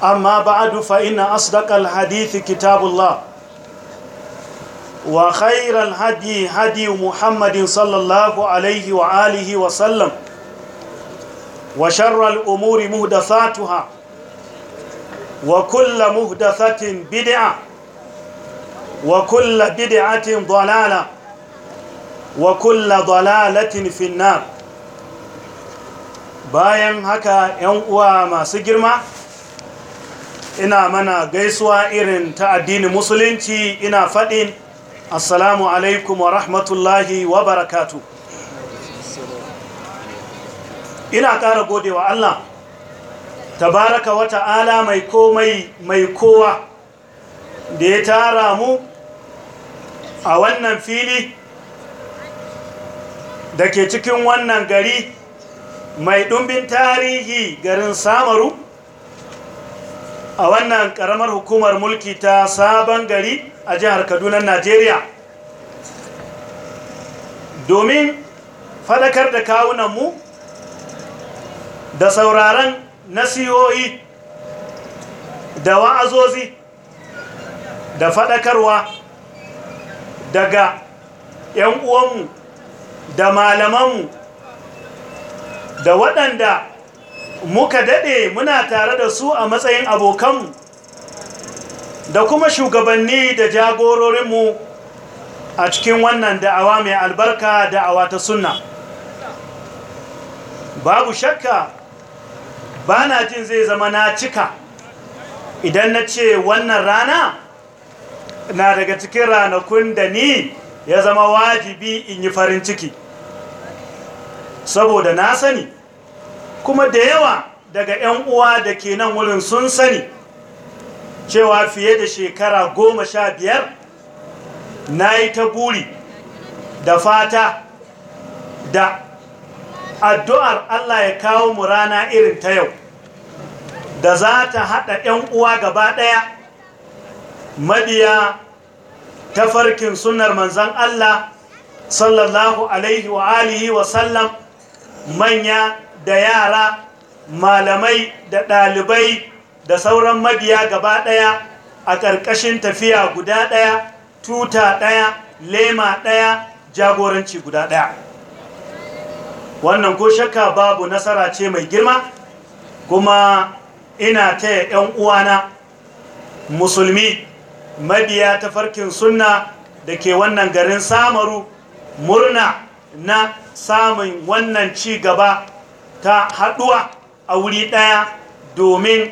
amma ba'adu dufa ina asdaqal hadithi kitabullah wa khairal hadi hadi muhammadin sallallahu alayhi wa alihi wa sallam wa sharral umuri muhdathatuha wa kullu muhdathatin bid'a wa kullu bid'atin dalala wa kullu dalalatin fin nar bayan haka yan uwa masu girma ina mana gaisuwa irin ta addini musulunci ina faɗin assalamu alaikum wa rahmatullahi wa barakatu ina ƙara gode wa Allah tabaraka wa ta'ala mai komai mai kowa da ya tara mu a wannan fili da ke cikin wannan gari mai ɗumbin tarihi garin samaru a wannan karamar hukumar mulki ta sabon gari a jihar kaduna najeriya domin fadakar da kawunanmu da sauraron nasiyoyi da wa'azozi da fadakarwa daga 'yan uwanmu da malamanmu da waɗanda muka daɗe muna tare da su a matsayin abokanmu da kuma shugabanni da jagororinmu a cikin wannan da'awa mai albarka da'awa ta sunna babu shakka ba na jin zai zama na cika idan na ce wannan rana na daga cikin ranakun da ni ya zama wajibi in yi farin ciki saboda na sani kuma da yawa daga 'yan uwa da ke nan wurin sun sani cewa fiye da shekara goma sha biyar na yi ta buri da fata da addu'ar Allah ya kawo mu rana irin ta yau da za ta haɗa 'yan uwa gaba ɗaya mabiya tafarkin sunar manzan Allah sallallahu alaihi wa alihi wa sallam manya da yara malamai da ɗalibai da sauran mabiya gaba ɗaya a ƙarƙashin tafiya guda ɗaya tuta ɗaya lema ɗaya jagoranci guda ɗaya wannan ko shakka babu nasara ce mai girma kuma ina taya 'yan uwana musulmi mabiya ta farkin sunna da ke wannan garin samaru murna na samun wannan ci gaba ta haɗuwa a wuri ɗaya domin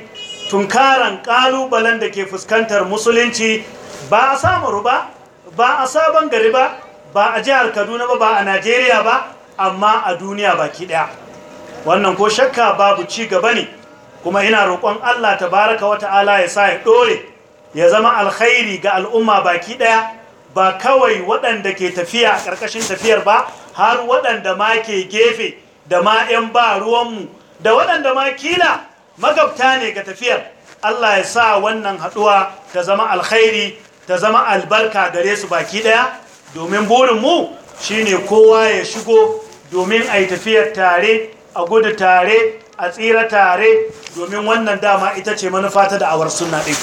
tunkaran ƙalubalen da ke fuskantar musulunci ba a samu ruba ba a sabon gari ba ba a jihar kaduna ba ba a najeriya ba amma a duniya baki ɗaya wannan ko shakka babu ci gaba ne kuma ina roƙon allah ta baraka wata wata'ala ya sa ya ɗore ya zama alkhairi ga al'umma baki ɗaya ba kawai waɗanda ke tafiya ƙarƙashin tafiyar ba har waɗanda ma ke gefe da ma 'yan ba ruwanmu da waɗanda ma kila magabta ne ga tafiyar Allah ya sa wannan haɗuwa ta zama alkhairi ta zama albarka gare su baki ɗaya domin burinmu ne kowa ya shigo domin a yi tafiyar tare a gudu tare a tsira tare domin wannan dama ita ce manufa ta da'awar suna ɗin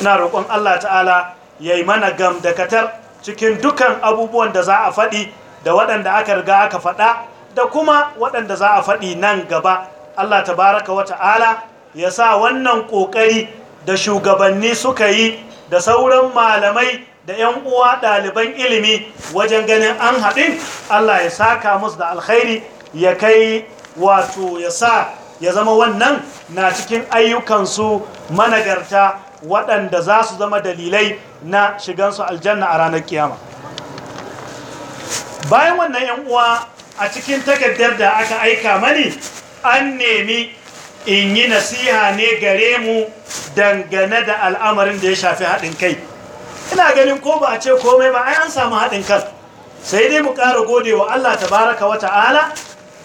ina roƙon Allah ta'ala ya yi mana gam da katar cikin dukan abubuwan da za a faɗi da waɗanda aka riga aka faɗa da kuma waɗanda za a faɗi nan gaba Allah tabaraka wa ta'ala ya sa wannan ƙoƙari da shugabanni suka yi da sauran malamai da 'yan uwa ɗaliban ilimi wajen ganin an haɗin Allah ya saka musu da alkhairi ya kai wato ya sa ya zama wannan na cikin ayyukansu managarta waɗanda za su zama dalilai na shigansu aljanna a ranar kiyama bayan wannan 'yan uwa a cikin takardar da aka aika mani an nemi in yi nasiha ne gare mu dangane da al'amarin da ya shafi haɗin kai ina ganin ko ba a ce komai ba ai an samu haɗin kan sai dai mu ƙara gode wa Allah tabaraka wa ta'ala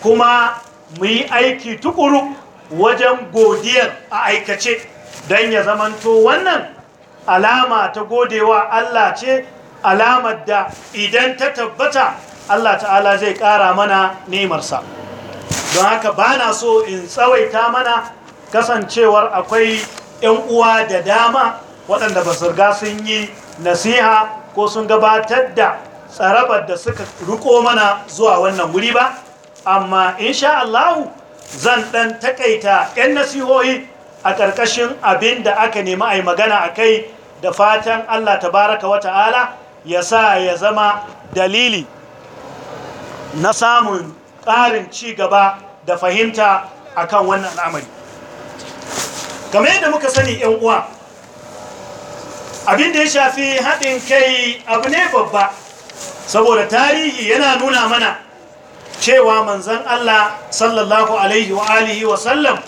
kuma mu yi aiki tukuru wajen godiyar a aikace don ya zamanto wannan alama ta godewa Allah ce alamar da idan ta tabbata Allah ta'ala zai ƙara mana nemarsa don haka ba na so in tsawaita mana kasancewar akwai 'yan uwa da dama waɗanda ba riga sun yi nasiha ko sun gabatar da tsarabar da suka riko mana zuwa wannan wuri ba amma insha Allahu zan ɗan takaita 'yan nasihohi a ƙarƙashin abin da aka nemi a yi magana a kai da fatan Allah tabaraka wa ta'ala ya sa ya zama dalili na samun ƙarin ci gaba da fahimta akan wannan al'amari game yadda muka sani yan uwa abin da ya shafi haɗin kai abu ne babba saboda tarihi yana nuna mana cewa manzan Allah sallallahu alaihi wa alihi wa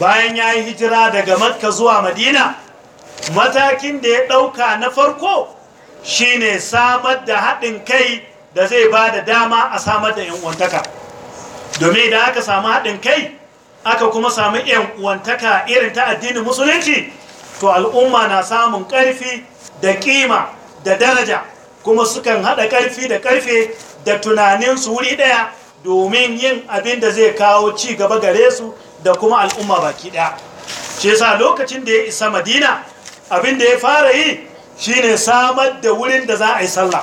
bayan ya yi hijira daga makka zuwa madina matakin da ya ɗauka na farko shine samar da haɗin kai da zai ba da dama a samar da 'yan domin da aka samu haɗin kai aka kuma samu 'yan uwantaka irin ta addinin musulunci to al'umma na samun ƙarfi da ƙima da daraja kuma sukan haɗa ƙarfi da ƙarfe da tunanin su wuri ɗaya domin yin abin da zai kawo ci gaba gare su da kuma al'umma baki ɗaya shi sa lokacin da ya isa madina abin da ya fara yi shine samar da wurin da za a yi sallah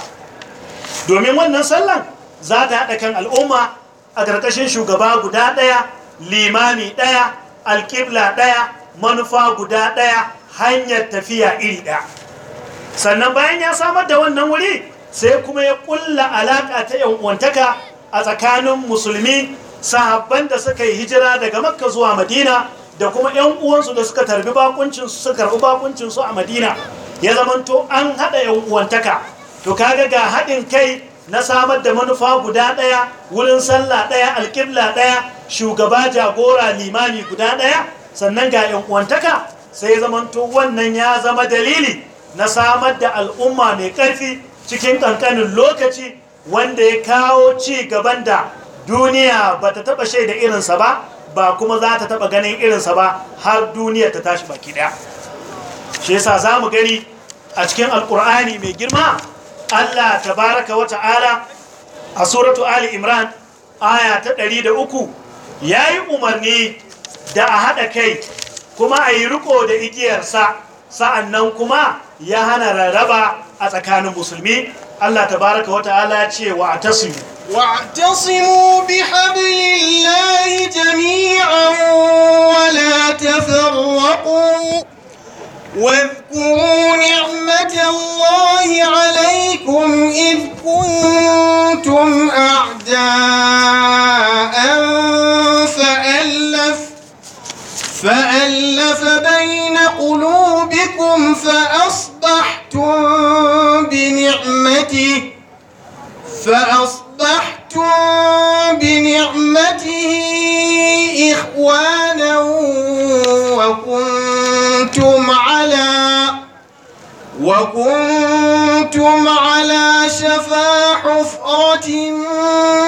domin wannan sallan za ta haɗa kan al'umma a ƙarƙashin shugaba guda ɗaya limami ɗaya alƙibla ɗaya manufa guda ɗaya hanyar tafiya iri ɗaya sannan bayan ya samar da wannan wuri sai kuma ya ƙulla alaƙa ta uwantaka a tsakanin musulmi sahabban da suka yi hijira daga makka zuwa madina da kuma 'yan uwansu da suka tarbi bakuncinsu suka karɓi bakuncinsu a madina ya zamanto an haɗa 'yan to kaga ga haɗin kai na samar da manufa guda ɗaya wurin sallah ɗaya alƙibla ɗaya shugaba jagora limami guda ɗaya sannan ga yan uwantaka sai zamanto wannan ya zama dalili na samar da al'umma mai ƙarfi cikin ƙanƙanin lokaci wanda ya kawo ci gaban da duniya ba ta taɓa shaida irinsa ba ba kuma za ta taɓa ganin irinsa ba har duniya ta tashi baki ɗaya shi za mu gani a cikin alƙur'ani mai girma Allah tabaraka wa ta'ala a suratu Ali Imran aya ta 103 yayi umarni da a haɗa kai kuma a yi riko da igiyarsa nan kuma ya hana rarraba a tsakanin musulmi Allah tabaraka wa ta'ala ce wa atasimu wa bi hablillahi jami'an wa واذكروا نعمة الله عليكم إذ كنتم أعداء فألف فألف بين قلوبكم فأصبحتم بنعمته فأصبحتم بنعمته إخوانا وكنتم وكنتم على شفا حفرة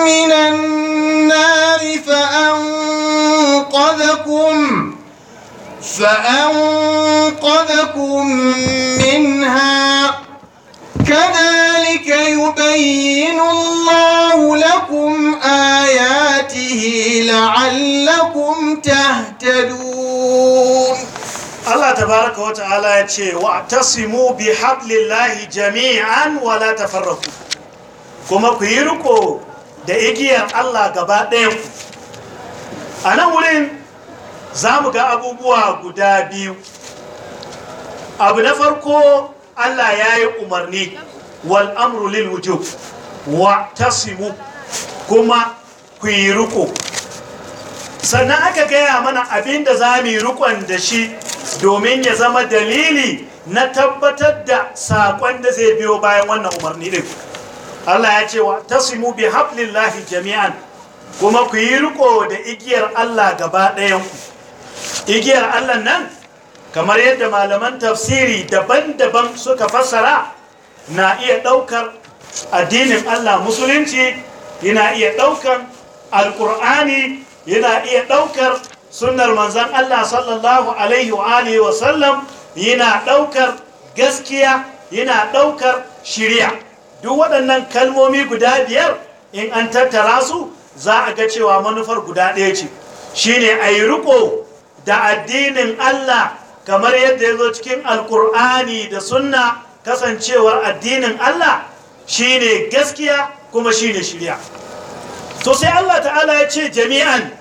من النار فأنقذكم فأنقذكم منها كذلك يبين الله لكم آياته لعلكم تهتدون Allah Baraka Wata Ala ya ce wa simu bi haɗlillahi jami'an wa la kuma ku yi riko da igiyar Allah gaba ɗaya ku a nan wurin za mu ga abubuwa guda biyu abu na farko Allah ya yi umarni wal amru lil wujub wa simu kuma ku yi riko sannan aka gaya mana abin da za mu yi rikon da shi domin ya zama dalili na tabbatar da saƙon da zai biyo bayan wannan umarni ɗin Allah ya ce wa mu bi hablillahi jami'an kuma ku yi riko da igiyar Allah gaba ɗayanku igiyar Allah nan kamar yadda malaman tafsiri daban-daban suka fassara na iya ɗaukar addinin Allah musulunci yana iya ɗaukar alƙur'ani yana iya ɗaukar sunnar manzan Allah sallallahu alaihi wa alihi wa sallam yana ɗaukar gaskiya yana ɗaukar shirya duk waɗannan kalmomi guda biyar in an tattara su za a ga cewa manufar guda ɗaya ce shine a yi riko da addinin Allah kamar yadda ya zo cikin alkur'ani da sunna kasancewar addinin Allah shine gaskiya kuma shine shirya to sai Allah ta'ala ya ce jami'an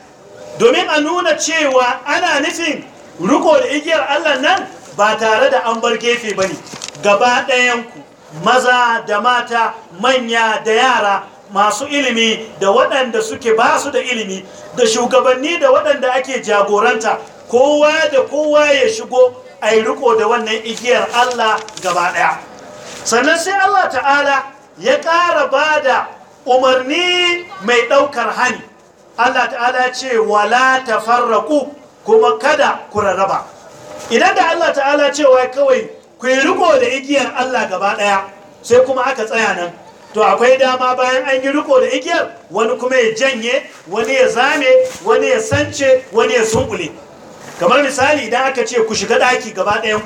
domin a nuna cewa ana nufin riko da igiyar Allah nan ba tare da an bar gefe ba ne gaba ɗayanku maza da mata manya da yara masu ilimi da waɗanda suke ba su da ilimi da shugabanni da waɗanda ake jagoranta kowa da kowa ya shigo a yi riko da wannan igiyar Allah gaba ɗaya sannan sai Allah ta'ala ya ƙara ba da umarni mai ɗaukar hani Allah ta'ala ce wala farraku kuma kada ku rarraba idan da Allah ta'ala cewa kawai ku yi riko da igiyar Allah gaba daya sai kuma aka tsaya nan to akwai dama bayan an yi riko da igiyar wani kuma ya janye wani ya zame wani ya sance wani ya sunkule kamar misali idan aka ce ku shiga daki gaba ɗayan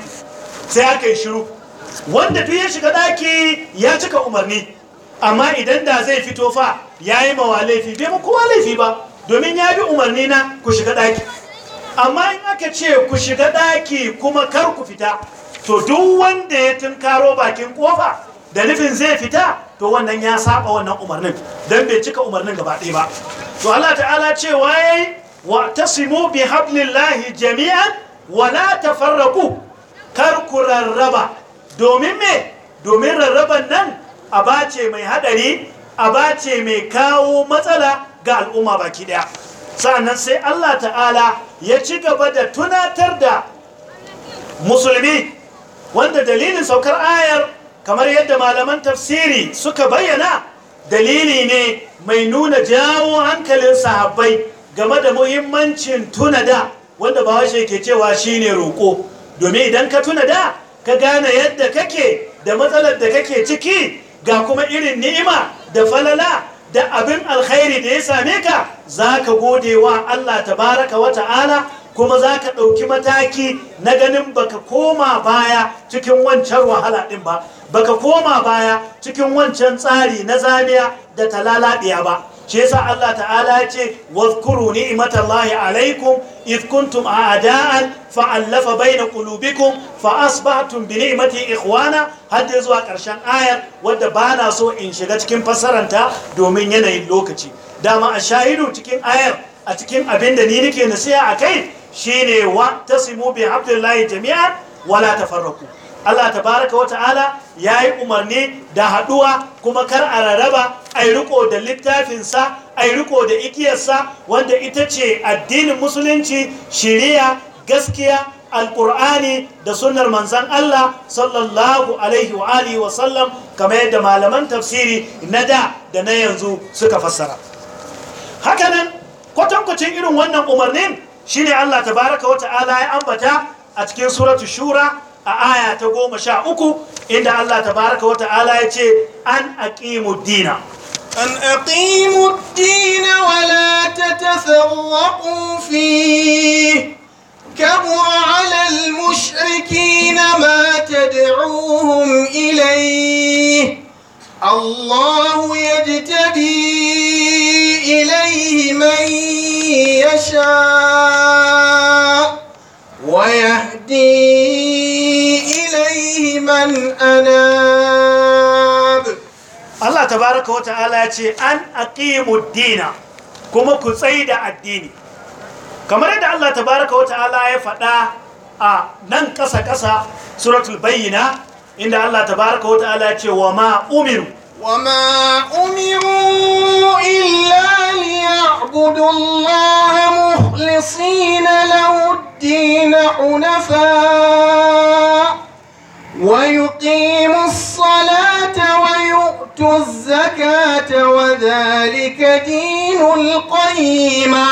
sai aka yi shiru wanda duk ya shiga daki ya cika umarni amma idan da zai fito fa ya yi mawa laifi bai ma kowa laifi ba domin ya bi umarni na ku shiga ɗaki amma in aka ce ku shiga ɗaki kuma kar ku fita to duk wanda ya tunkaro bakin kofa da nufin zai fita to wannan ya saba wannan umarnin Dan bai cika umarnin gaba ɗaya ba to Allah ta'ala cewa yayi wa tasimu bi hablillahi jami'an wa la tafarraqu kar ku rarraba domin me domin rarraban nan aba ce mai hadari aba ce mai kawo matsala ga al'umma baki daya sannan sai Allah ta'ala ya ci gaba da tunatar da musulmi wanda dalilin saukar ayar kamar yadda malaman tafsiri suka bayyana dalili ne mai nuna jawo hankalin sahabbai game da muhimmancin tuna da wanda washe ke cewa shine roƙo domin idan ka tuna da ka gane yadda kake da matsalar da kake ciki ga kuma irin ni'ima da falala da abin alkhairi da ya same ka za ka gode wa Allah tabaraka wa ta'ala kuma za ka ɗauki mataki na ganin baka koma baya cikin wancan wahala ɗin ba baka koma baya cikin wancan tsari na zamiya da talalaɗiya ba shi yasa Allah ta'ala ya ce wadhkuru ni'matallahi alaikum id kuntum a'da'an fa'alafa baina qulubikum fa asbahtum bi ni'mati ikhwana har da zuwa karshen ayar wadda ba na so in shiga cikin ta domin yanayin lokaci dama a shahidu cikin ayar a cikin abin da ni nake nasiha akai shine wa tasimu bi hablillahi jami'an wala tafarraqu Allah tabaraka wa ta'ala ya yi umarni da haɗuwa kuma kar a raraba a yi riko da littafinsa a yi riko da ikiyarsa wanda ita ce addinin musulunci shiriya gaskiya alƙur'ani da sunnar manzan Allah sallallahu alaihi wa alihi wa sallam kamar yadda malaman tafsiri na da da na yanzu suka fassara hakanan kwatankwacin irin wannan umarnin shine Allah tabaraka wa ta'ala ya ambata a cikin suratu shura a aya ta goma sha uku inda Allah tabaraka wa ta'ala ya ce an aqimu dina an aqimu dina wa la tatafarraqu fi كبر على المشركين ma tad'uuhum إليه الله يجتبي إليه من يشاء ويهديه إليه من أناب الله تبارك وتعالى يقول أن أقيم الدين كما كسيد الدين كما رد الله تبارك وتعالى يفتح آه، نن كسا كسا سورة البينة إن الله تبارك وتعالى وما أمروا وما أمروا إلا ليعبدوا الله مخلصين له الدين حنفاء ويقيموا الصلاة ويؤتوا الزكاة وذلك دين القيمة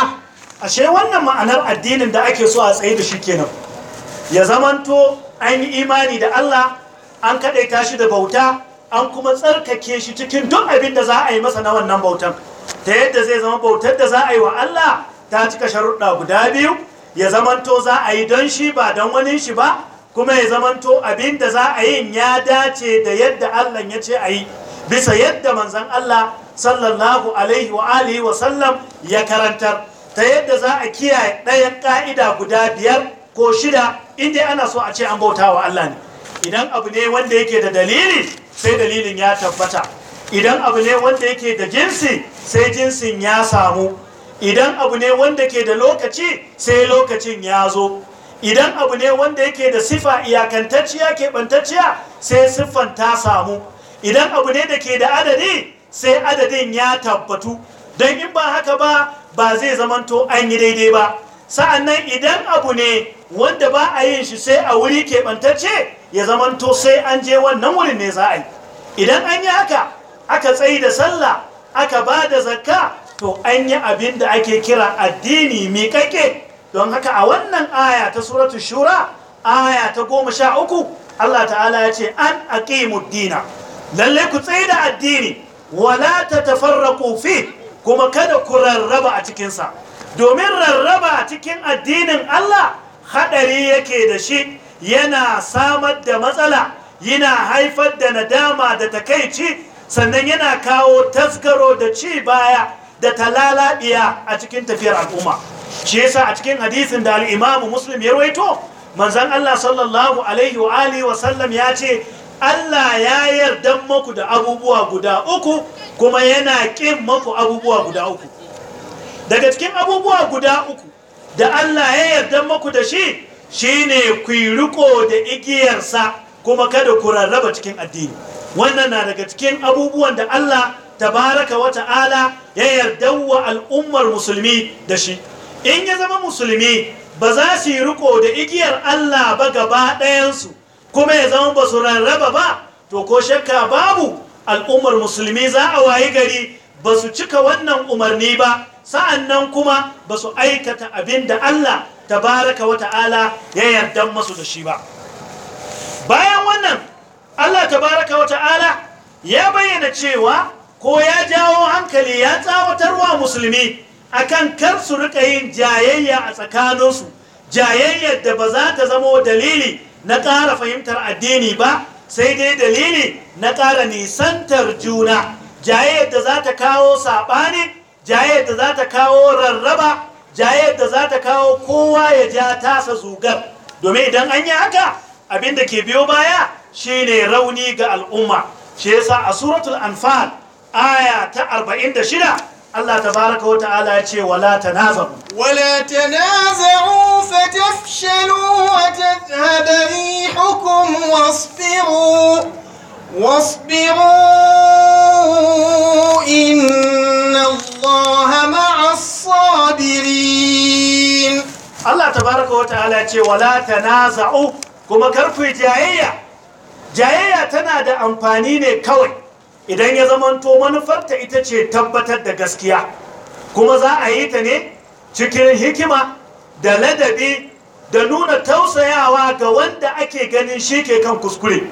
ashe wannan ma'anar addinin da ake so a tsaye da shi kenan ya zamanto an yi imani da Allah an kaɗaita shi da bauta an kuma tsarkake shi cikin duk abin da za a yi masa na wannan bautan ta yadda zai zama bautar da za a yi wa Allah ta cika sharuɗa guda biyu ya zamanto za a yi don shi ba don wani shi ba kuma ya zamanto abin da za a yin ya dace da yadda Allah ya ce a yi bisa yadda manzan Allah sallallahu alaihi wa alihi wa sallam ya karantar ta yadda za a kiyaye ɗayan ƙa'ida guda biyar ko shida inda ana so a ce an bauta wa Allah ne idan abu ne wanda yake da dalili sai dalilin ya tabbata idan abu ne wanda yake da jinsi sai jinsin ya samu idan abu ne wanda ke da lokaci sai lokacin ya zo idan abu ne wanda yake da sifa iyakantacciya keɓantacciya sai siffan ta samu idan abu ne da ke da adadi sai adadin ya tabbatu don in ba haka ba ba zai zamanto an yi daidai ba sa'annan idan abu ne wanda ba a yin shi sai a wuri keɓantacce ya zamanto sai an je wannan wurin ne za a yi idan an yi haka aka tsayi da sallah aka ba da zakka to an yi abin da ake kira addini miƙaƙe don haka a wannan aya ta suratu shura aya ta goma sha uku Allah ta'ala ya ce an aqimu dina lalle ku tsaye da addini wala ta tatafarraqu fi kuma kada ku rarraba a cikinsa domin rarraba a cikin addinin Allah hadari yake da shi yana samar da matsala yana haifar da nadama da takaici sannan yana kawo tasgaro da ci baya da talalabiya a cikin tafiyar al'umma shi yasa a cikin hadisin da al-Imam Muslim ya rawaito manzon Allah sallallahu alaihi wa alihi wa sallam ya ce Allah ya yarda maku da abubuwa guda uku kuma yana kin maku abubuwa guda uku daga cikin abubuwa guda uku da Allah ya yarda maku da shi shine ku riko da igiyarsa kuma kada ku rarraba cikin addini wannan na daga cikin abubuwan da Allah tabaraka wa ta'ala ya yarda wa al'ummar musulmi da shi in ya zama musulmi ba za su yi riko da igiyar Allah ba gaba ɗayansu kuma ya zama ba su rarraba ba to ko shakka babu al'ummar musulmi za a wayi gari ba su cika wannan umarni ba sa'annan kuma ba su aikata abin da Allah baraka wa ta'ala ya yarda masu da shi ba bayan wannan Allah baraka wa ta'ala ya bayyana cewa ko ya jawo hankali ya tsawatarwa musulmi akan kar su rika yin jayayya a tsakaninsu jayayyar da ba za ta zamo dalili na ƙara fahimtar addini ba sai dai dalili na ƙara nisantar juna jayayyar da za ta kawo saɓani jayayyar da za ta kawo rarraba jayayyar da za ta kawo kowa ya ja tasa zugar domin idan an yi haka abin da ke biyo baya shine rauni ga al'umma shi yasa a suratul anfal aya ta 46 الله تبارك وتعالى يقول ولا تنازعوا ولا تنازعوا فتفشلوا وتذهب ريحكم واصبروا واصبروا إن الله مع الصابرين الله تبارك وتعالى يقول ولا تنازعوا كما كرفوا جاية جاية تنادى أمبانيني كوي idan ya zamanto manufarta ita ce tabbatar da gaskiya kuma za a yi ta ne cikin hikima da ladabi da nuna tausayawa ga wanda ake ganin shi ke kan kuskure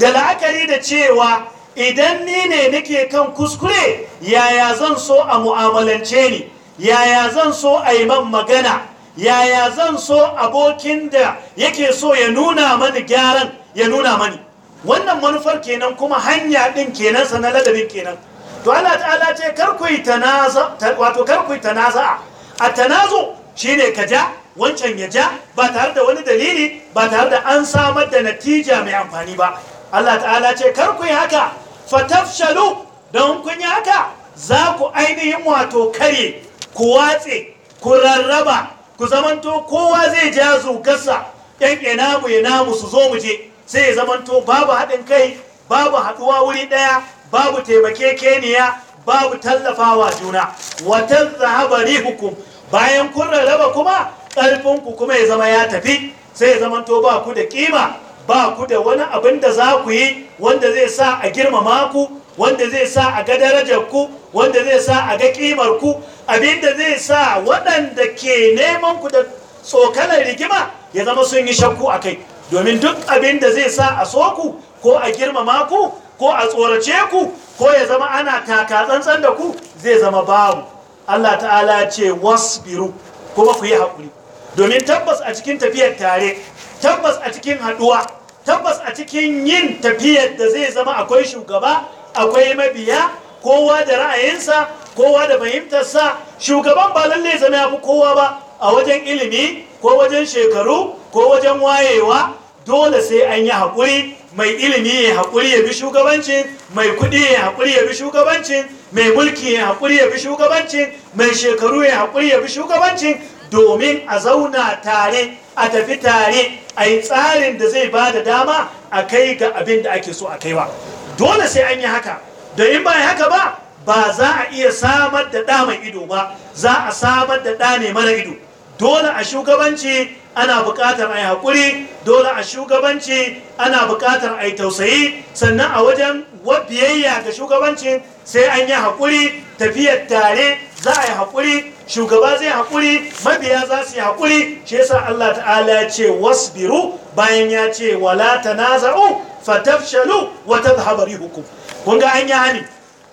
da la'akari da cewa idan ni ne nake kan kuskure yaya zan so a mu'amalance ni yaya zan so a yi man magana yaya zan so abokin da yake so ya nuna mani gyaran ya nuna mani wannan manufar kenan kuma hanya ɗin kenan sa na ladabin kenan to Allah ta'ala ce karkuyi tanaza wato karkuyi tanaza a tanazo shine ka ja wancan ya ja ba tare da wani dalili ba tare da an samar da natija mai amfani ba Allah ta'ala ce karkuyi haka fatafshalu don kun yi haka za ku ainihin wato kare ku watse ku rarraba ku zamanto kowa zai ja zukarsa yan ina mu ya mu su zo mu je sai ya zamanto babu haɗin kai babu haɗuwa wuri ɗaya babu taimakekeniya babu tallafawa juna watan zahaba rihukum bayan kun rarraba kuma ƙarfinku kuma ya zama ya tafi sai ya zamanto ba ku da ƙima ba ku da wani abin da za ku yi wanda zai sa a girmama ku wanda zai sa a ga darajar ku wanda zai sa a ga kimar ku abin da zai sa waɗanda ke neman ku da tsokanar rigima ya zama sun yi shakku a kai domin duk abin da zai sa a so ku ko a girmama ku ko a tsorace ku ko ya zama ana taka tsantsan da ku zai zama babu Allah ta'ala ce wasbiru kuma ku yi haƙuri domin tabbas a cikin tafiyar tare tabbas a cikin haɗuwa tabbas a cikin yin tafiyar da zai zama akwai shugaba akwai mabiya kowa da ra'ayinsa kowa da fahimtarsa shugaban ba lallai zama ya fi kowa ba a wajen ilimi ko wajen shekaru ko wajen wayewa dole sai an yi haƙuri mai ilimi ya haƙuri ya bi shugabancin mai kuɗi ya haƙuri ya bi shugabancin mai mulki ya haƙuri ya bi shugabancin mai shekaru ya haƙuri ya bi shugabancin domin a zauna tare a tafi tare a yi tsarin da zai ba da dama a kai ga abin da ake so a kaiwa dole sai an yi haka da in ba haka ba ba za a iya samar da ɗa mai ido ba za a samar da ɗa ne mara ido dole a shugabanci ana buƙatar a yi haƙuri dole a shugabanci ana buƙatar a yi tausayi sannan a wajen biyayya ga shugabanci sai an yi haƙuri tafiyar tare za a yi haƙuri shugaba zai haƙuri mabiya za su yi haƙuri shi yasa Allah ta'ala ya ce wasbiru bayan ya ce wala tanaza'u fatafshalu wa tadhhabu rihukum kun ga an yi hani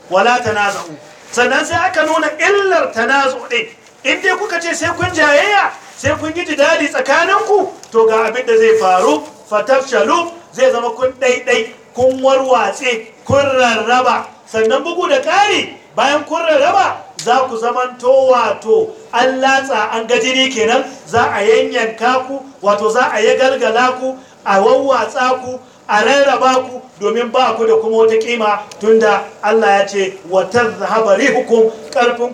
wala tanaza'u sannan sai aka nuna illar tanazu din in dai kuka ce sai kun jayayya sai kun yi jidali tsakaninku to ga abin da zai faru fatafshalu zai zama kun ɗaiɗai kun warwatse kun rarraba sannan bugu da ƙari bayan kun rarraba za ku zamanto wato an latsa an gajini kenan za a yanyanka ku wato za a yi galgala ku a wawwatsa ku a rarraba ku domin ba ku da kuma wata kima tunda Allah ya ce wata zahabari hukum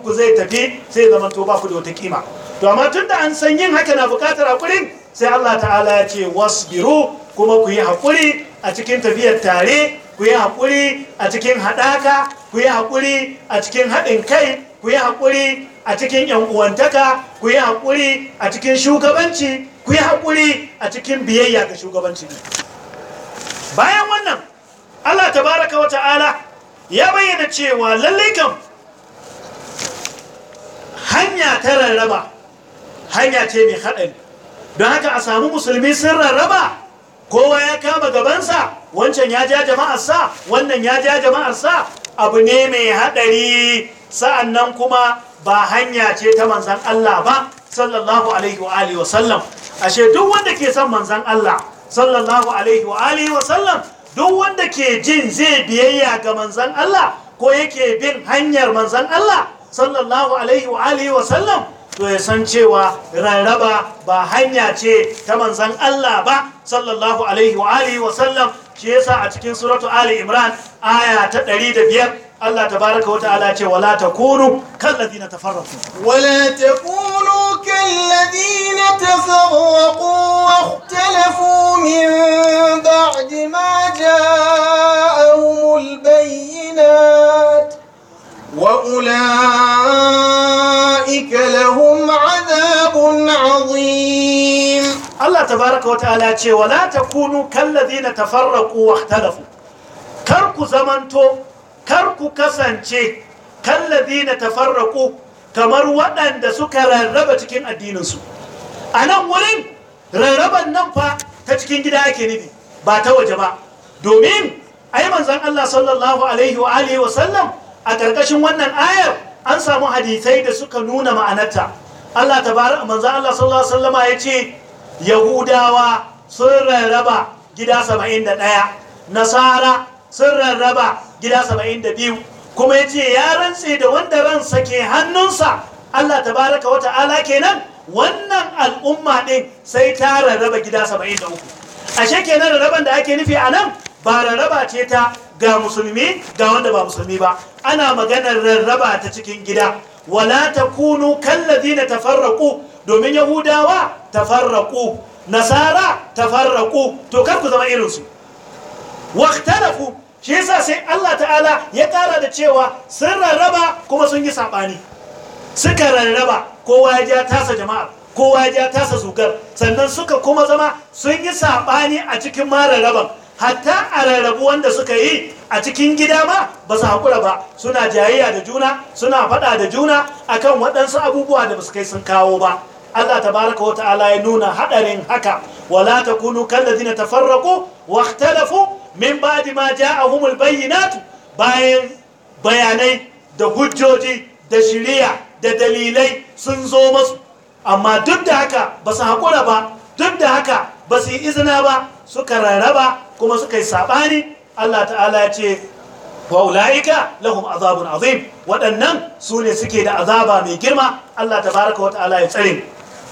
ku zai tafi sai zamanto ba ku da wata kima to amma tun da an san yin haka na bukatar haƙurin sai Allah ta'ala ya ce wasbiru kuma ku yi haƙuri a cikin tafiyar tare ku yi haƙuri a cikin haɗaka ku yi haƙuri a cikin haɗin kai ku yi haƙuri a cikin yan uwantaka ku yi haƙuri a cikin shugabanci ku yi haƙuri a cikin biyayya ga shugabanci bayan wannan Allah tabaraka wa ta'ala ya bayyana cewa lallai kam hanya ta rarraba hanya ce mai haɗari don haka a samu musulmi sun kowa ya kama gabansa wancan ya ja jama'arsa wannan ya ja sa? abu ne mai haɗari sa'an nan kuma ba hanya ce ta manzan Allah ba sallallahu alaihi wa alihi sallam. ashe duk wanda ke son manzan Allah sallallahu alaihi wa alihi sallam. duk wanda ke jin zai biyayya ga manzan Allah ko yake bin hanyar manzan Allah sallallahu alaihi wa alihi sallam. to ya san cewa rarraba ba hanya ce ta manzon Allah ba sallallahu alaihi wa alihi wa sallam shi yasa a cikin suratu ali imran aya ta 105 Allah tabaraka wa ta'ala ce wala takunu kal ladina tafarraqu wala takunu kal ladina tafarraqu wa ikhtalafu min ba'di ma ja'ahumul bayyinat وأولئك لهم عذاب عظيم الله تبارك وتعالى ولا تكونوا كالذين تفرقوا واختلفوا كركو زمنتو كركو كسانشي كالذين تفرقوا kamar waɗanda suka rarraba cikin addininsu a nan wurin rarraban nan fa ta cikin gida ake nufi ba ta waje ba domin ai manzon Allah sallallahu alaihi wa alihi wa sallam a ƙarƙashin wannan ayar an samu hadisai da suka nuna ma'anarta Allah tabaraka manzo Allah sallallahu alaihi wasallama yace yahudawa sun rarraba gida 71 nasara sun rarraba gida 72 kuma yace ya rantse da wanda ransa ke hannunsa Allah tabaraka Wata ala kenan wannan al'umma din sai ta rarraba gida 73 ashe kenan rarraban da ake nufi anan? ba rarraba ce ta ga musulmi ga wanda ba musulmi ba ana maganar rarraba ta cikin gida wala takunu na tafarraqu domin yahudawa tafarraqu nasara tafarraqu to kar ku zama irin su waqtalafu shi yasa sai Allah ta'ala ya kara da cewa sun rarraba kuma sun yi saɓani suka rarraba kowa ya ja tasa jama'a kowa ya ja tasa zugar sannan suka kuma zama sun yi saɓani a cikin mararraban hatta a rarrabu wanda suka yi a cikin gida ma ba su haƙura ba suna jayayya da juna suna faɗa da juna akan waɗansu abubuwa da basu kai sun kawo ba Allah tabaraka wa ta'ala ya nuna haɗarin haka wala takunu kallazina tafarraqu wa ikhtalafu min ba'di ma ja'ahumul bayyinatu bayan bayanai da hujjoji da shiriya da dalilai sun zo masu amma duk da haka ba su haƙura ba duk da haka ba su yi izina ba suka rarraba kuma suka yi saɓani Allah ta'ala ya ce wa'ula'ika lahum azabun azim waɗannan su ne suke da azaba mai girma Allah wa ta'ala ya tsare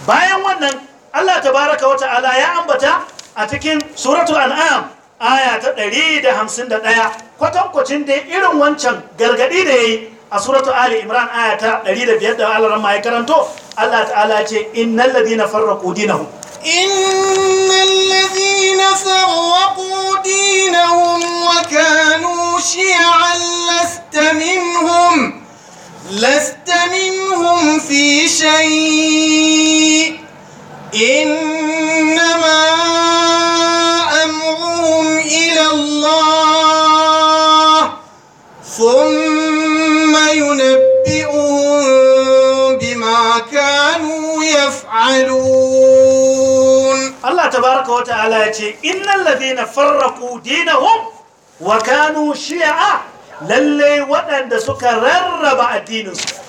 bayan wannan Allah tabaraka wa ta'ala ya ambata a cikin suratu an'am aya ta ɗari ɗaya kwatankwacin da irin wancan gargaɗi da yayi a suratu ali imran aya ta ɗari da Allah ran karanto Allah ta'ala ya ce innal ladina farraqu dinahum innal الذين فرقوا دينهم وكانوا شيعا لست منهم لست منهم في شيء إنما Allah tabaraka wa ta'ala ya ce innal ladina farraqu dinahum wa kanu shi'a lalle waɗanda suka rarraba addinin su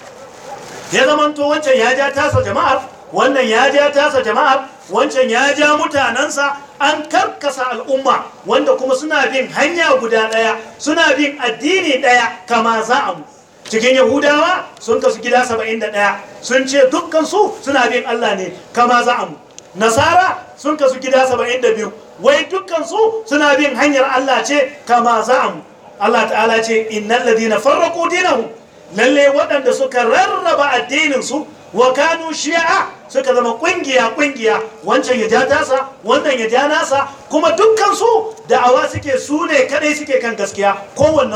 ya zamanto wancan ya ja tasa jama'ar wannan ya ja tasa jama'ar wancan ya ja mutanensa an karkasa al'umma wanda kuma suna bin hanya guda ɗaya suna bin addini ɗaya kama za mu cikin yahudawa sun kasu gida 71 sun ce dukkansu suna bin allah ne kama za mu nasara sun kasu gida saba'in da biyu wai dukkansu suna bin hanyar allah ce kama za'am allah ta'ala ce innal ladina farraku dinahu lalle waɗanda suka rarraba addininsu wa kanu shi'a suka zama kungiya kungiya wancan ya ja sa wannan ya ja nasa kuma dukkansu da'awa suke su ne kadai suke kan gaskiya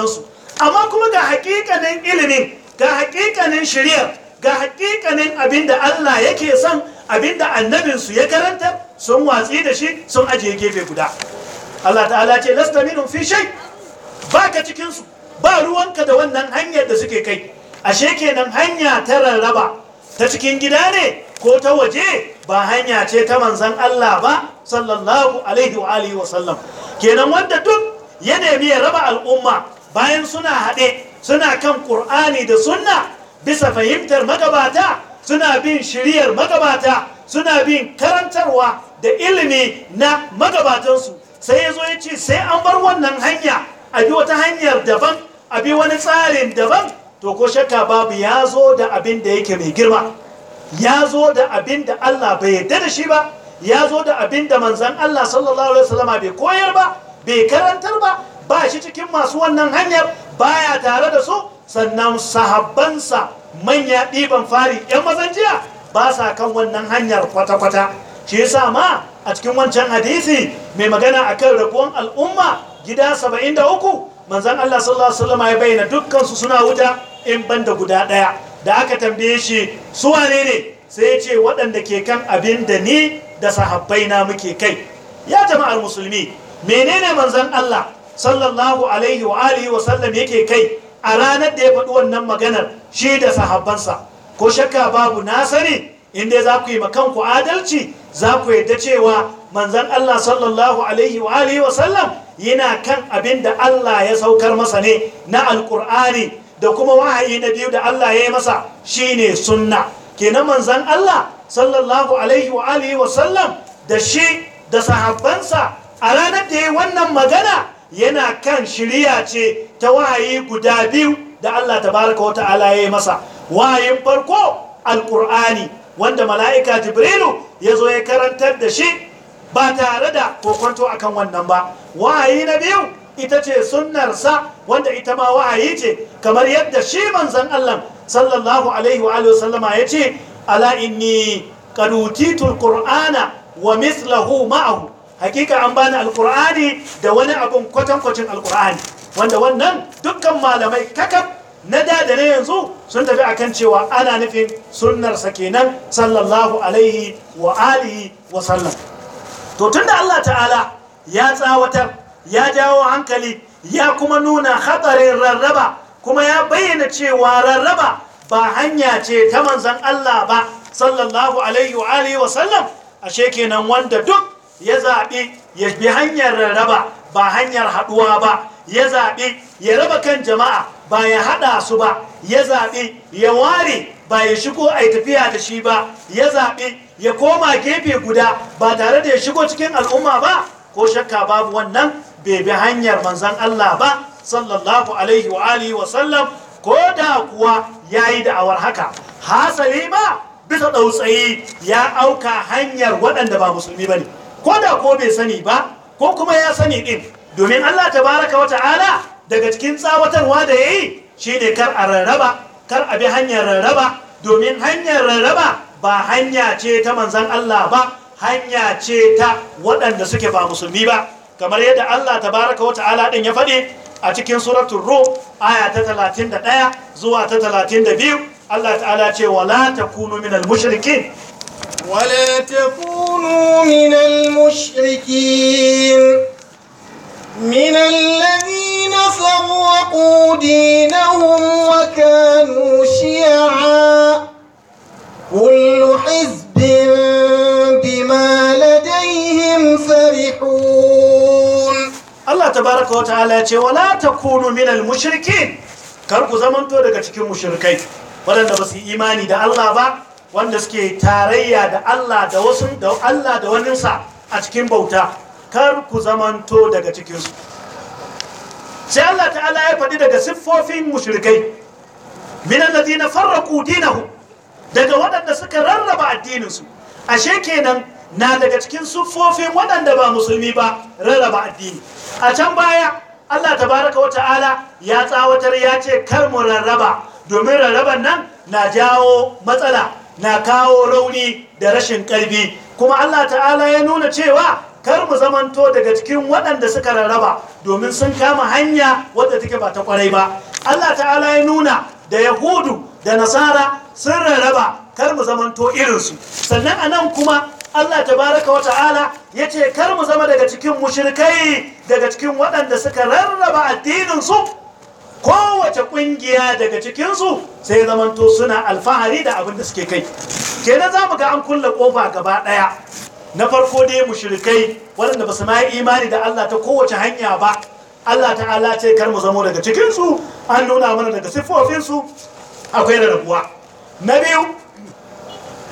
su. amma kuma ga hakikanin ilimin ga hakikanin shirya ga hakikanin abinda Allah yake son abinda annabinsu ya karanta sun watsi da shi sun ajiye gefe guda Allah ta'ala ce lasta minhum fi shay baka cikin su ba ruwanka da wannan hanyar da suke kai ashe kenan hanya ta rarraba ta cikin gida ne ko ta waje ba hanya ce ta manzon Allah ba sallallahu alaihi wa alihi wa sallam kenan wanda duk ya nemi ya raba al'umma bayan suna haɗe suna kan Qur'ani da sunna bisa fahimtar magabata suna bin shiriyar magabata suna bin karantarwa da ilimi na magabatansu sai ya zo ya ce sai an bar wannan hanya a bi wata hanyar daban a bi wani tsarin daban to ko shakka babu ya zo da abin da yake mai girma ya zo da abin da Allah bai yarda da shi ba ya zo da abin da manzan Allah sallallahu alaihi wasallama bai koyar ba bai karantar ba ba shi cikin masu wannan hanyar baya tare da su sannan sahabbansa manya ɗiban fari 'yan mazan jiya ba sa kan wannan hanyar kwata-kwata shi yasa ma a cikin wancan hadisi mai magana akan rabuwan al'umma gida 73 manzon Allah sallallahu alaihi wasallam ya bayyana dukkansu suna wuta in banda guda ɗaya. da aka tambaye shi su wane ne sai ya ce waɗanda ke kan abin da ni da sahabbai na muke kai ya jama'ar musulmi menene manzon Allah sallallahu alaihi wa alihi wa sallam yake kai a ranar da ya faɗi wannan maganar shi da sahabbansa ko shakka babu nasari sani inda za ku yi ma kanku adalci za ku yadda cewa manzan Allah sallallahu alaihi wa alihi wa sallam yana kan abin da Allah ya saukar masa ne na Alƙur'ani? da kuma wahayi na biyu da Allah ya yi masa ne sunna kenan manzan Allah sallallahu alaihi wa alihi wa sallam da shi da sahabbansa a ranar da ya yi wannan magana yana kan shiriya ce ta wahayi guda biyu da Allah tabaraka wa ta'ala ya yi masa wahayin farko Alƙur'ani wanda mala'ika jibrilu ya zo ya karantar da shi ba tare da kokonto akan wannan ba wahayi na biyu ita ce sunnarsa wanda ita ma wahayi ce kamar yadda shi manzon Allah sallallahu alaihi wa sallama ya ce ala inni qad utitul qur'ana wa mithlahu ma'ahu hakika an bani alkur'ani da wani abun kwatankwacin alkur'ani wanda wannan dukkan malamai kakab na da da na yanzu sun tafi akan cewa ana nufin sunnarsa kenan sallallahu alaihi wa alihi wa sallam to tunda Allah ta'ala ya tsawatar ya jawo hankali ya kuma nuna hatsarin rarraba kuma ya bayyana cewa rarraba ba hanya ce ta manzon Allah ba sallallahu alaihi wa alihi wa sallam ashe kenan wanda duk ya zaɓi ya bi hanyar raba ba hanyar haɗuwa ba ya zaɓi ya raba kan jama'a ba ya haɗa su ba ya zaɓi ya ware ba ya shigo a tafiya da shi ba ya zaɓi ya koma gefe guda ba tare da ya shigo cikin al'umma ba ko shakka babu wannan bai bi hanyar manzan Allah ba sallallahu alaihi wa alihi wa sallam ko da kuwa yayi da'awar haka hasali ba bisa dautsayi ya auka hanyar waɗanda ba musulmi bane ko da ko bai sani ba ko kuma ya sani din domin Allah tabaraka wa ta'ala daga cikin tsawatarwa da yayi shine kar a rarraba kar a bi hanyar rarraba domin hanyar rarraba ba hanya ce ta manzan Allah ba hanya ce ta waɗanda suke ba musulmi ba kamar yadda Allah tabaraka wa ta'ala din ya faɗi a cikin suratul Ru aya ta ɗaya zuwa ta biyu Allah ta'ala ce wala takunu minal mushrikin ولا تكونوا من المشركين من الذين فرقوا دينهم وكانوا شيعا كل حزب بما لديهم فرحون الله تبارك وتعالى ولا تكونوا من المشركين kar زمان zamanto daga cikin mushrikai waɗanda إيماني su yi imani da Allah ba wanda suke tarayya da Allah da wasu da Allah da waninsa a cikin bauta kar ku zamanto daga cikinsu sai Allah ta'ala ya faɗi daga siffofin mushrikai min alladhina farraqu dinahum daga waɗanda suka rarraba addininsu ashe kenan na daga cikin siffofin waɗanda ba musulmi ba rarraba addini a can baya Allah tabaraka wata'ala ya tsawatar ya ce kar mu rarraba domin rarraban nan na jawo matsala na kawo rauni da rashin ƙarfi kuma Allah ta'ala ya nuna cewa kar mu zamanto daga cikin waɗanda suka rarraba domin sun kama hanya wadda take ba ta ƙwarai ba Allah ta'ala ya nuna da yahudu da nasara sun rarraba kar mu zamanto irinsu sannan a nan kuma Allah tabaraka wa ta'ala ya ce kar mu zama daga cikin mushrikai daga cikin waɗanda suka rarraba addinin su. kowace kungiya daga cikinsu sai zamanto suna alfahari da abin da suke kai kenan za mu ga an kulle ƙofa gaba ɗaya na farko dai mu shirkai waɗanda ba su ma imani da Allah ta kowace hanya ba Allah ta'ala ce kar mu zamo daga cikinsu an nuna mana daga sifofinsu, akwai rabuwa na biyu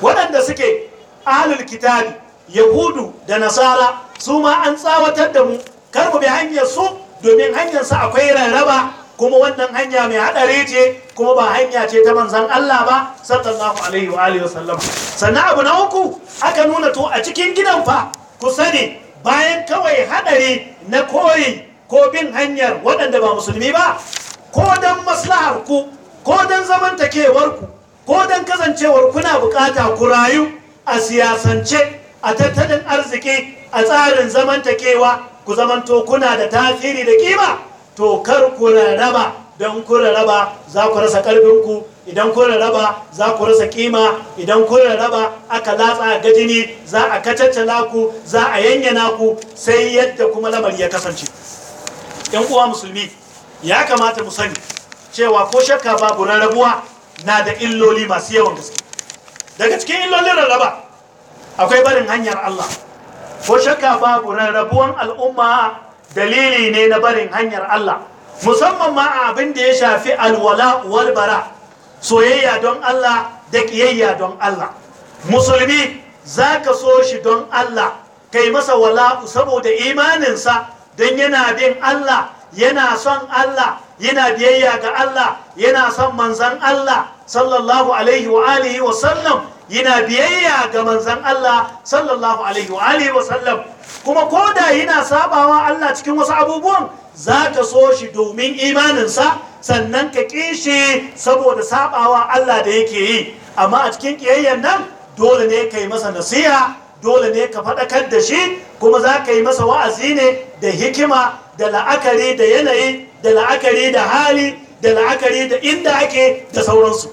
waɗanda suke ahlul kitabi yahudu da nasara su ma an tsawatar da mu kar mu bi hanyar su domin hanyar hanyarsa akwai rarraba kuma wannan hanya mai haɗari ce kuma ba hanya ce ta manzan Allah ba sallallahu alaihi wa alihi wasallam sannan abu na uku aka nuna to a cikin gidan fa ku sani bayan kawai haɗari na koyi ko bin hanyar waɗanda ba musulmi ba ko don maslahar ku ko don zamantakewar ku ko don kasancewar kuna bukata ku rayu a siyasance a tattalin arziki a tsarin zamantakewa ku zamanto kuna da tasiri da kima to kar ku raba don ku raba za ku rasa ƙarfinku idan ku raba za ku rasa kima idan ku raba aka latsa ga jini za a kacaccala ku za a yanyana ku sai yadda kuma lamari ya kasance yan uwa musulmi ya kamata mu sani cewa ko shakka babu rarrabuwa na da illoli masu yawan gaske daga cikin illolin rarraba akwai barin hanyar Allah ko shakka babu rarrabuwan al'umma dalili ne na barin hanyar Allah musamman ma abin da ya shafi alwala walbara soyayya don Allah da ƙiyayya don Allah musulmi za ka so shi don Allah kai masa wala'u saboda imaninsa don yana bin Allah yana son Allah yana biyayya ga Allah yana son manzan Allah sallallahu alaihi wa alihi wa sallam yana biyayya ga manzan Allah sallallahu alaihi wa alihi wa sallam kuma koda yana sabawa Allah cikin wasu abubuwan za ka so shi domin imaninsa sannan ka ƙi saboda sabawa Allah da yake yi amma a cikin ƙiyayyen nan dole ne ka yi masa nasiha dole ne ka faɗakar da shi kuma za ka yi masa wa'azi ne da hikima da la'akari da yanayi da la'akari da hali da la'akari da inda ake da sauransu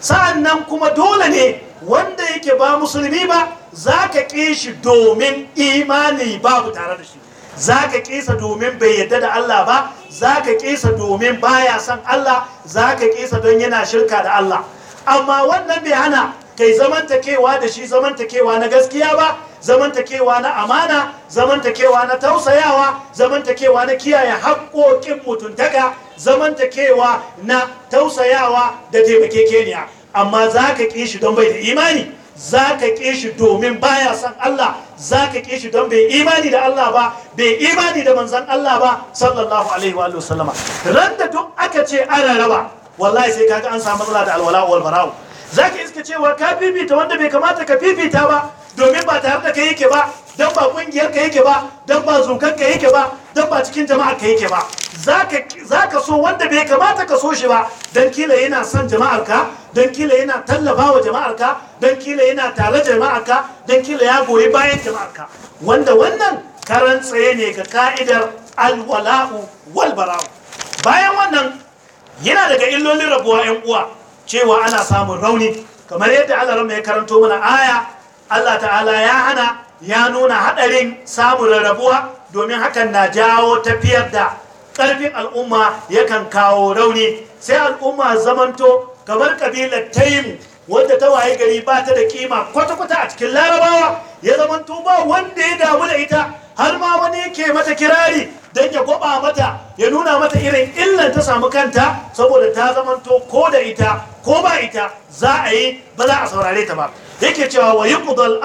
sa'an nan kuma dole ne wanda yake ba musulmi ba za ka shi domin imani babu tare da shi za ka ƙisa domin bai yadda da Allah ba za ka ƙisa domin baya son Allah za ka ƙisa don yana shirka da Allah amma wannan bai hana kai zamantakewa da shi zamantakewa na gaskiya ba zamantakewa na amana zamantakewa na tausayawa zamantakewa na kiyaye haƙoƙin mutuntaka zamantakewa na tausayawa da taimakekeniya amma za ka ƙi shi don bai da imani za ka ƙi shi domin baya san Allah za ka ƙi shi don bai imani da Allah ba bai imani da manzan Allah ba sallallahu alaihi wa sallama ran da duk aka ce ana raba wallahi sai kaga an samu matsala da alwala wal bara'u za ka iska cewa ka fifita wanda bai kamata ka fifita ba domin ba tare da kai yake ba dan ba kungiyar ka yake ba dan ba zukar ka yake ba dan ba cikin jama'ar ka yake ba zaka zaka so wanda bai kamata ka so shi ba dan kila yana son jama'arka. ka dan kila yana tallafa wa jama'ar ka dan kila yana tare jama'ar ka dan kila ya goyi bayan jama'arka. wanda wannan karan tsaye ne ga ka'idar alwala'u wal bara'u bayan wannan yana daga illolin rabuwa yan uwa cewa ana samun rauni kamar yadda Allah ya karanto mana aya Allah ta'ala ya hana ya nuna haɗarin samun rarrabuwa domin hakan na jawo tafiyar da ƙarfin al'umma yakan kawo rauni sai al'umma zamanto kamar ƙabilar taimu wadda ta waye gari ba ta da kima kwata-kwata a cikin larabawa ya zamanto ba wanda ya damu da ita har ma wani yake mata kirari don ya gwaba mata ya nuna mata irin illan ta samu kanta saboda ta zamanto ko da ita ko ba ita za a yi ba za a saurare ta ba yake cewa wa yi ƙudal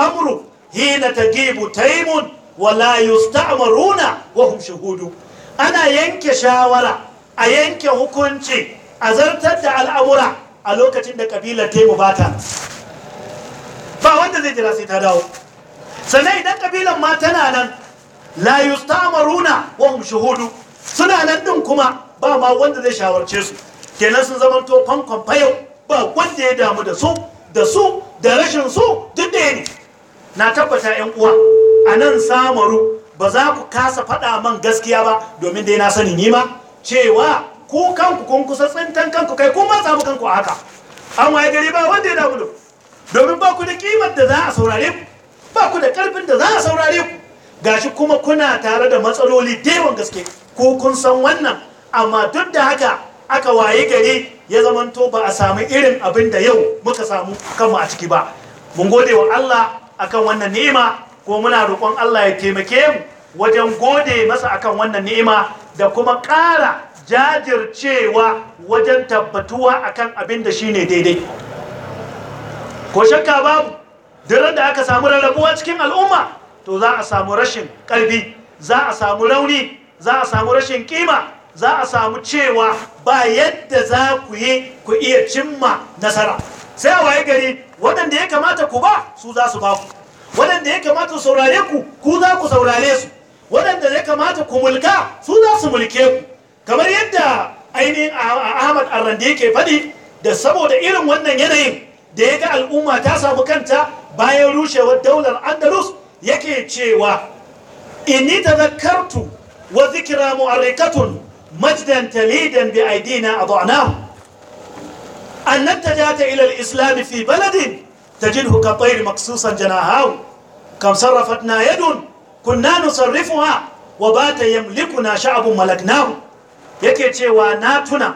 hina tajibu taimun wala yusta'maruna wa hum shuhudu ana yanke shawara a yanke hukunci a zartar da al'amura a lokacin da kabilar taimu ba ta ba wanda zai jira sai ta dawo sannan idan kabilan ma tana nan la yusta'maruna wa hum shuhudu suna nan din kuma ba ma wanda zai shawarce su kenan sun zama to fankon fayau ba wanda ya damu da su da su da rashin su duk da ne na tabbata yan uwa a nan samaru ba za ku kasa faɗa man gaskiya ba domin dai na sani ni ma cewa ku kanku kun kusa tsintan kanku kai kun matsa mu kanku haka an waye gari ba wanda ya damu domin ba ku da kimar da za a saurare ku ba ku da karfin da za a saurare ku gashi kuma kuna tare da matsaloli da yawan gaske ku kun san wannan amma duk da haka aka waye gari ya zamanto ba a samu irin abin da yau muka samu kanmu a ciki ba mun gode wa Allah akan wannan ni'ima ko muna roƙon Allah ya taimake mu wajen gode masa akan wannan ni'ima da kuma ƙara jajircewa wajen tabbatuwa akan abin da shine daidai ko shakka babu dare da aka samu rarrabuwa cikin al'umma to za a samu rashin ƙarfi za a samu rauni za a samu rashin kima za a samu cewa ba yadda za ku yi ku iya cimma nasara sai a waye gari waɗanda ya kamata ku ba su za su ba ku waɗanda ya kamata su saurare ku ku za ku saurare su waɗanda ya kamata ku mulka su za su mulke ku kamar yadda ainihin ahmad da yake faɗi da saboda irin wannan yanayin da ya ga al'umma ta samu kanta bayan rushewar daular andalus yake cewa inni tazakkartu wa zikra mu'arrikatun majdan talidan bi aidina adanahu أن اتجهت إلى الإسلام في بلد تجده كالطير مقصوصا جناهاه كم صرفتنا يد كنا نصرفها وبات يملكنا شعب ملكناه yake cewa na tuna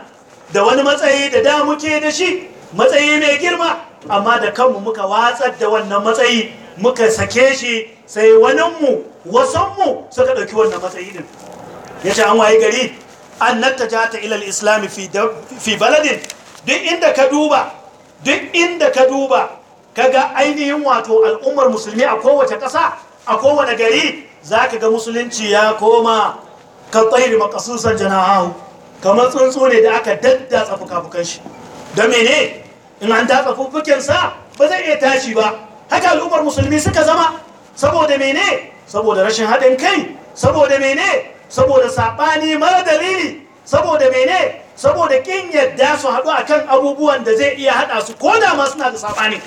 da wani matsayi da da muke da shi matsayi mai girma amma da kanmu muka watsar da wannan matsayi muka sake shi sai waninmu wasanmu suka ɗauki wannan matsayi din ya ce an waye gari an natta jata ilal islami fi baladin duk inda ka duba duk inda ka duba kaga ainihin wato al'ummar musulmi a kowace ƙasa a kowane gari za ka ga musulunci ya koma ka tsahiri makasusar janahahu kamar tsuntsu ne da aka dadda fuka-fukan shi da mene in an ta fukukinsa ba zai iya tashi ba haka al'ummar musulmi suka zama saboda mene saboda rashin haɗin kai saboda mene saboda saɓani mara dalili saboda mene saboda kin yadda su haɗu a kan abubuwan da zai iya haɗa su ko da ma suna da saɓani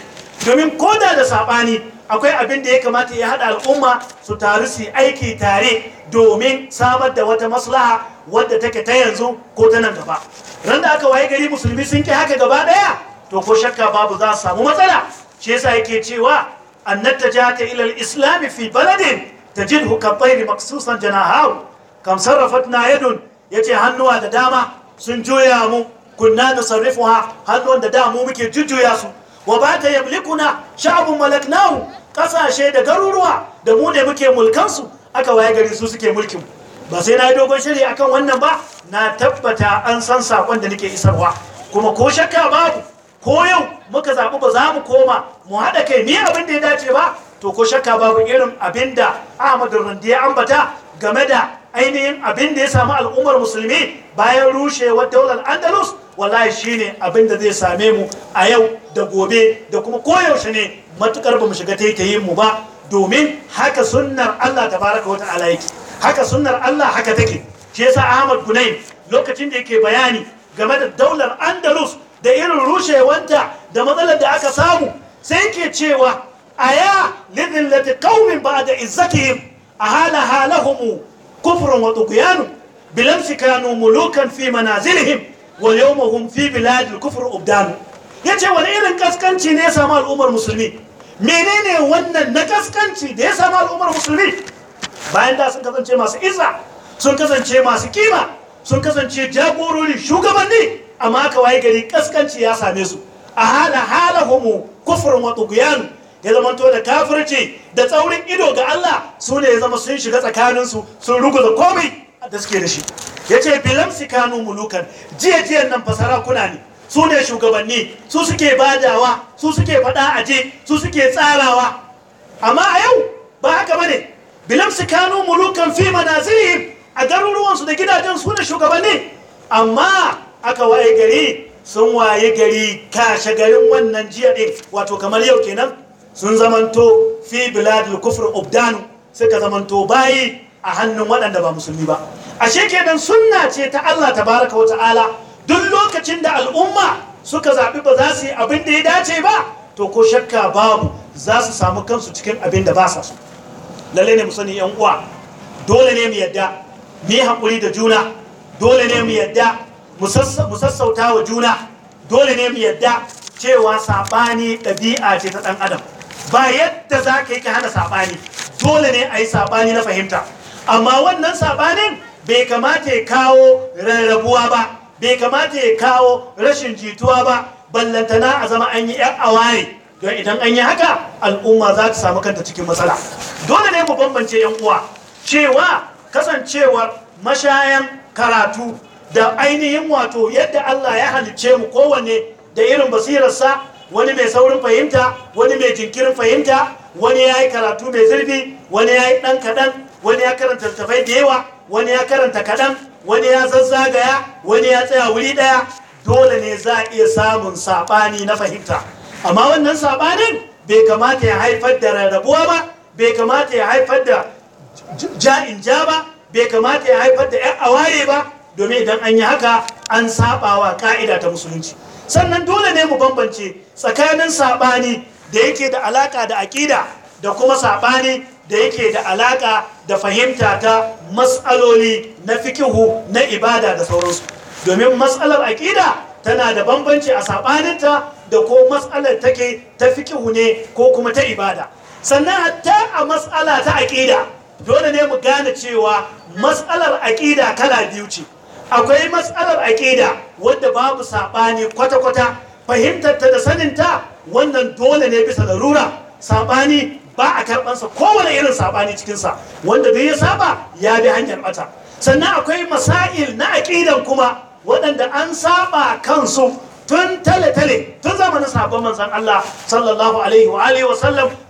domin ko da da saɓani akwai abin da ya kamata ya haɗa al'umma su taru su aiki tare domin samar da wata maslaha wadda take ta yanzu ko ta nan gaba ran da aka waye gari musulmi sun ki haka gaba ɗaya to ko shakka babu za su samu matsala shi yasa yake cewa annatta ta ila al-islam fi baladin tajidhu ka maksusan janahahu kam na yadun yace hannuwa da dama sun juya mu kunna da ha hannun da da mu muke jujjuya su wa ba ta yamlikuna sha'abun malaknahu kasashe da garuruwa da mu ne muke mulkansu aka waye gari su suke mulkin ba sai na yi dogon shiri akan wannan ba na tabbata an san sakon da nake isarwa kuma ko shakka babu ko yau muka zaɓi ba za mu koma mu haɗa kai ni abin da ya dace ba to ko shakka babu irin abinda ahmadu rundi ya ambata game da ainihin abin da ya samu al'ummar musulmi bayan rushewar daular andalus wallahi shine abin da zai same mu a yau da gobe da kuma koyaushe ne matukar ba mu shiga taitayin mu ba domin haka sunnar Allah ta baraka wata alaiki. haka sunnar Allah haka take shi yasa Ahmad Gunayn lokacin da yake bayani game da daular Andalus da irin rushewanta da matsalar da aka samu sai ke cewa aya lidillati qaumin a izzatihim ahala halahum كفر وطغيان بلمس كانوا ملوكا في منازلهم واليوم هم في بلاد الكفر أبدان yace wani irin kaskanci ne ya samu al'ummar musulmi menene wannan na kaskanci da ya samu al'ummar musulmi bayan da sun kasance masu isa sun kasance masu kima sun kasance jagorori shugabanni amma kawai gari kaskanci ya same su a hala hala homo kufrin wa tuguyan ya zamanto da kafirci da tsaurin ido ga Allah su ne ya zama sun shiga tsakaninsu sun ruguza komai da suke da shi ya ce bilamsi kanu mulukan jiya nan fasara kuna ne su ne shugabanni su suke badawa su suke a aje su suke tsarawa amma a yau ba haka ba ne bilamsi kanu mulukan fi manazirihim a garuruwansu da gidajen su ne shugabanni amma aka waye gari sun waye gari kashe garin wannan jiya ɗin wato kamar yau kenan sun zamanto fi biladil kufr ubdanu suka zamanto bayi a hannun waɗanda ba musulmi ba ashe kenan sunna ce ta Allah tabaraka wata'ala duk lokacin da al'umma suka zaɓi ba za su yi abin da ya dace ba to ko shakka babu za su samu kansu cikin abin da ba sa su lalle ne mu sani yan uwa dole ne mu yadda mu yi haƙuri da juna dole ne mu yadda mu sassauta wa juna dole ne mu yadda cewa saɓani ɗabi'a ce ta ɗan adam ba yadda za ka yi ka hana saɓani dole ne a yi saɓani na fahimta amma wannan saɓanin bai kamata ya kawo rarrabuwa ba bai kamata ya kawo rashin jituwa ba ballantana a zama an yi yan awari, don idan an yi haka al'umma za ta samu kanta cikin matsala dole ne mu bambance yan uwa cewa kasancewar mashayan karatu da ainihin wato yadda Allah ya halicce mu kowanne da irin basirarsa wani mai saurin fahimta wani mai jinkirin fahimta wani ya yi karatu mai zurfi wani ya yi ɗan kaɗan wani ya karanta tafai da yawa wani ya karanta kaɗan wani ya zazzagaya wani ya tsaya wuri ɗaya dole ne za a iya samun saɓani na fahimta amma wannan saɓanin bai kamata ya haifar da rarrabuwa ba bai kamata ya haifar da ja'in ja ba bai kamata ya haifar da 'yan awaye ba domin idan an yi haka an saɓawa ka'ida ta musulunci sannan dole ne mu bambance tsakanin saɓani da yake da alaƙa da aƙida da kuma saɓani da yake da alaƙa da fahimta ta matsaloli na fikihu na ibada da sauransu domin matsalar aƙida tana da bambanci a saɓaninta da ko matsalar take ta fikihu ne ko kuma ta ibada sannan hatta a matsala ta aƙida dole ne mu gane cewa matsalar aƙida kala biyu ce akwai matsalar aƙida wadda babu saɓani kwata-kwata fahimtarta da saninta wannan dole ne bisa larura Saɓani ba a karɓansa kowane irin saɓani cikinsa wanda bai ya saba ya bi hanyar ɓata. sannan akwai masail na aƙidan kuma waɗanda an saba kansu tun tale-tale tun zamanin sabon manzan Allah sallallahu alaihi wa alihi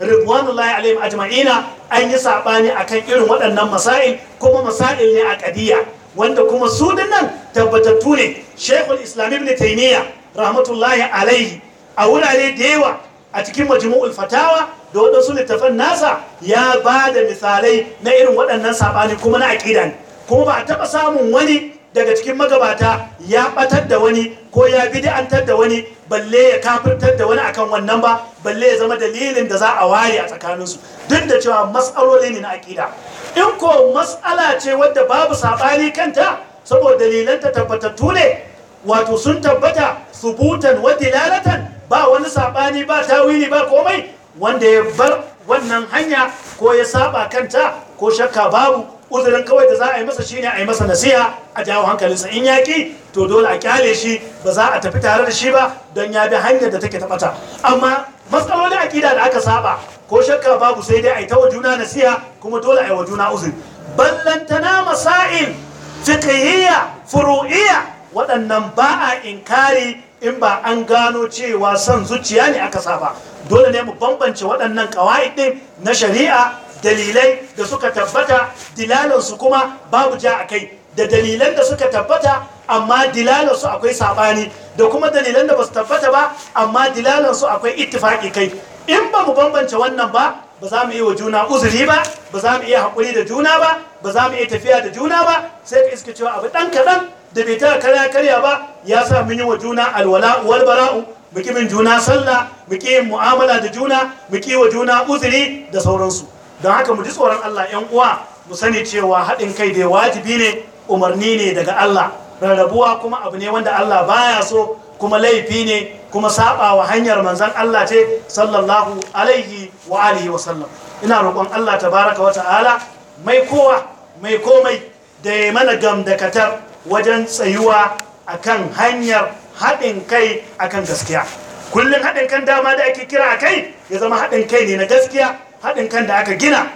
ridwanullahi ajma'ina an yi sabani akan irin waɗannan masail kuma masail ne a ƙadiyya wanda kuma su nan tabbatattu ne shekul islam ibn taymiya rahmatullahi alaihi a wurare da yawa a cikin majmu'ul fatawa da waɗansu littafan nasa ya ba da misalai na irin waɗannan saɓani kuma na aƙida ne kuma ba a taɓa samun wani daga cikin magabata ya ɓatar da wani ko ya bid'antar da wani balle ya kafirtar da wani akan wannan ba balle ya zama dalilin da za a ware a tsakaninsu duk da cewa matsaloli ne na aƙida in ko matsala ce wadda babu saɓani kanta saboda dalilanta tabbatattu ne wato sun tabbata subutan wa dilalatan ba wani sabani ba tawili ba komai wanda ya bar wannan hanya ko ya saba kanta ko shakka babu uzurin kawai da za a yi masa shine a yi masa nasiha a jawo hankalinsa in yaki to dole a kyale shi ba za a tafi tare da shi ba don ya bi hanyar da take taɓata amma matsalolin aƙida da aka saba ko shakka babu sai dai a yi ta wa juna nasiha kuma dole a yi wa juna uzuri ballantana masail fiqhiyya furu'iyya waɗannan ba a inkari in ba an gano cewa son zuciya ne aka saba dole ne mu bambance waɗannan ƙawa'id ɗin na shari'a dalilai da suka tabbata dilalansu kuma babu ja a kai da dalilan da suka tabbata amma dilalansu akwai saɓani da kuma dalilan da ba su tabbata ba amma dilalansu akwai ittifaƙi kai in ba mu bambance wannan ba ba za mu yi wa juna uzuri ba ba za mu iya haƙuri da juna ba ba za mu iya tafiya da juna ba sai ka iska cewa abu ɗan kaɗan da bai ta karya karya ba ya sa mun yi wa juna alwala wal bara'u ki min juna sallah mu yin mu'amala da juna mu wa juna uzuri da sauransu don haka mu ji tsoron Allah yan uwa mu sani cewa haɗin kai da wajibi ne umarni ne daga Allah rarrabuwa kuma abu ne wanda Allah baya so kuma laifi ne kuma saɓawa hanyar manzon Allah ce sallallahu alaihi wa alihi wa sallam ina roƙon Allah tabaraka wa ta'ala mai kowa mai komai da ya mana gamdakatar wajen tsayuwa a kan hanyar haɗin kai a kan gaskiya kullum haɗin kan dama da ake kira a kai ya zama haɗin kai ne na gaskiya haɗin kan da aka gina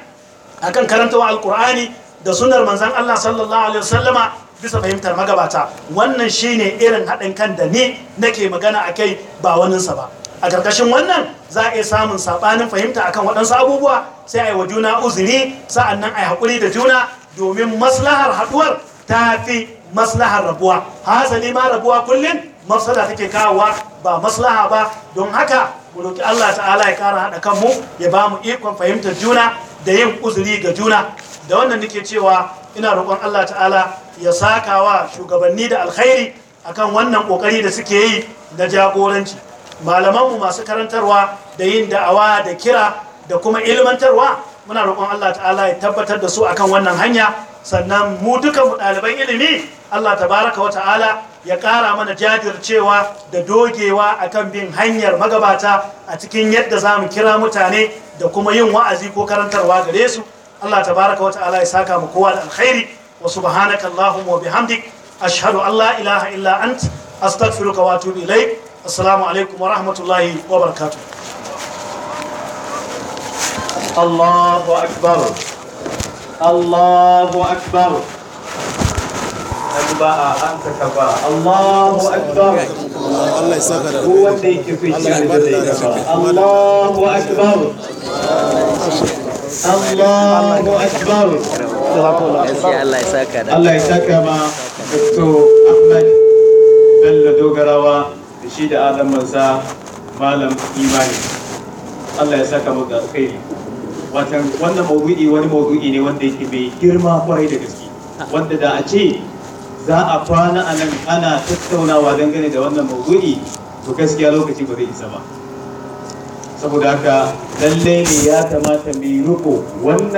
a akan karantawa Alƙur'ani da sunar manzan Allah sallallahu alaihi wasallama bisa fahimtar magabata wannan shi ne irin haɗin kan da ni nake magana a kai ba waninsa ba a ƙarƙashin wannan za a iya samun saɓanin fahimta akan waɗansu abubuwa sai a yi wa juna uzuri sa'annan a yi haƙuri da juna domin maslahar haɗuwar ta fi maslahar rabuwa hasali ma rabuwa kullum mafsada take kawowa ba maslaha ba don haka mu roki Allah ta'ala ya kara haɗa kanmu ya ba mu ikon fahimtar juna da yin uzuri ga juna da wannan nake cewa ina roƙon Allah ta'ala ya saka wa shugabanni da alkhairi akan wannan ƙoƙari da suke yi na jagoranci malamanmu masu karantarwa da yin da'awa da kira da kuma ilmantarwa muna roƙon Allah ta'ala ya tabbatar da su akan wannan hanya sannan mu duka mu ɗaliban ilimi Allah tabaraka wata'ala ya ƙara mana jajircewa da dogewa a kan bin hanyar magabata a cikin yadda za mu kira mutane da kuma yin wa'azi ko karantarwa gare su Allah tabaraka wata'ala ya saka mu kowa da alkhairi wa subhanaka allahumma wa bihamdik ashhadu an la ilaha illa ant astaghfiruka wa atubu ilaik assalamu alaikum wa rahmatullahi wa barakatuh Allahu akbar Allahu akbar ba a an saka ba Allahu akbar Allah ya saka da ko wanda yake fi shi da Allahu akbar Allahu akbar Allah ya saka da Allah ya ma Dr. Dogarawa da da Adam Mansa Imani Allah ya saka mu watan wannan maudu'i wani maudu'i ne wanda yake mai girma kwarai da gaske wanda da a ce za a kwana a nan ana tattaunawa dangane da wannan maudu'i to gaskiya lokaci ba zai isa ba saboda haka lallai ne ya kamata mai riko wannan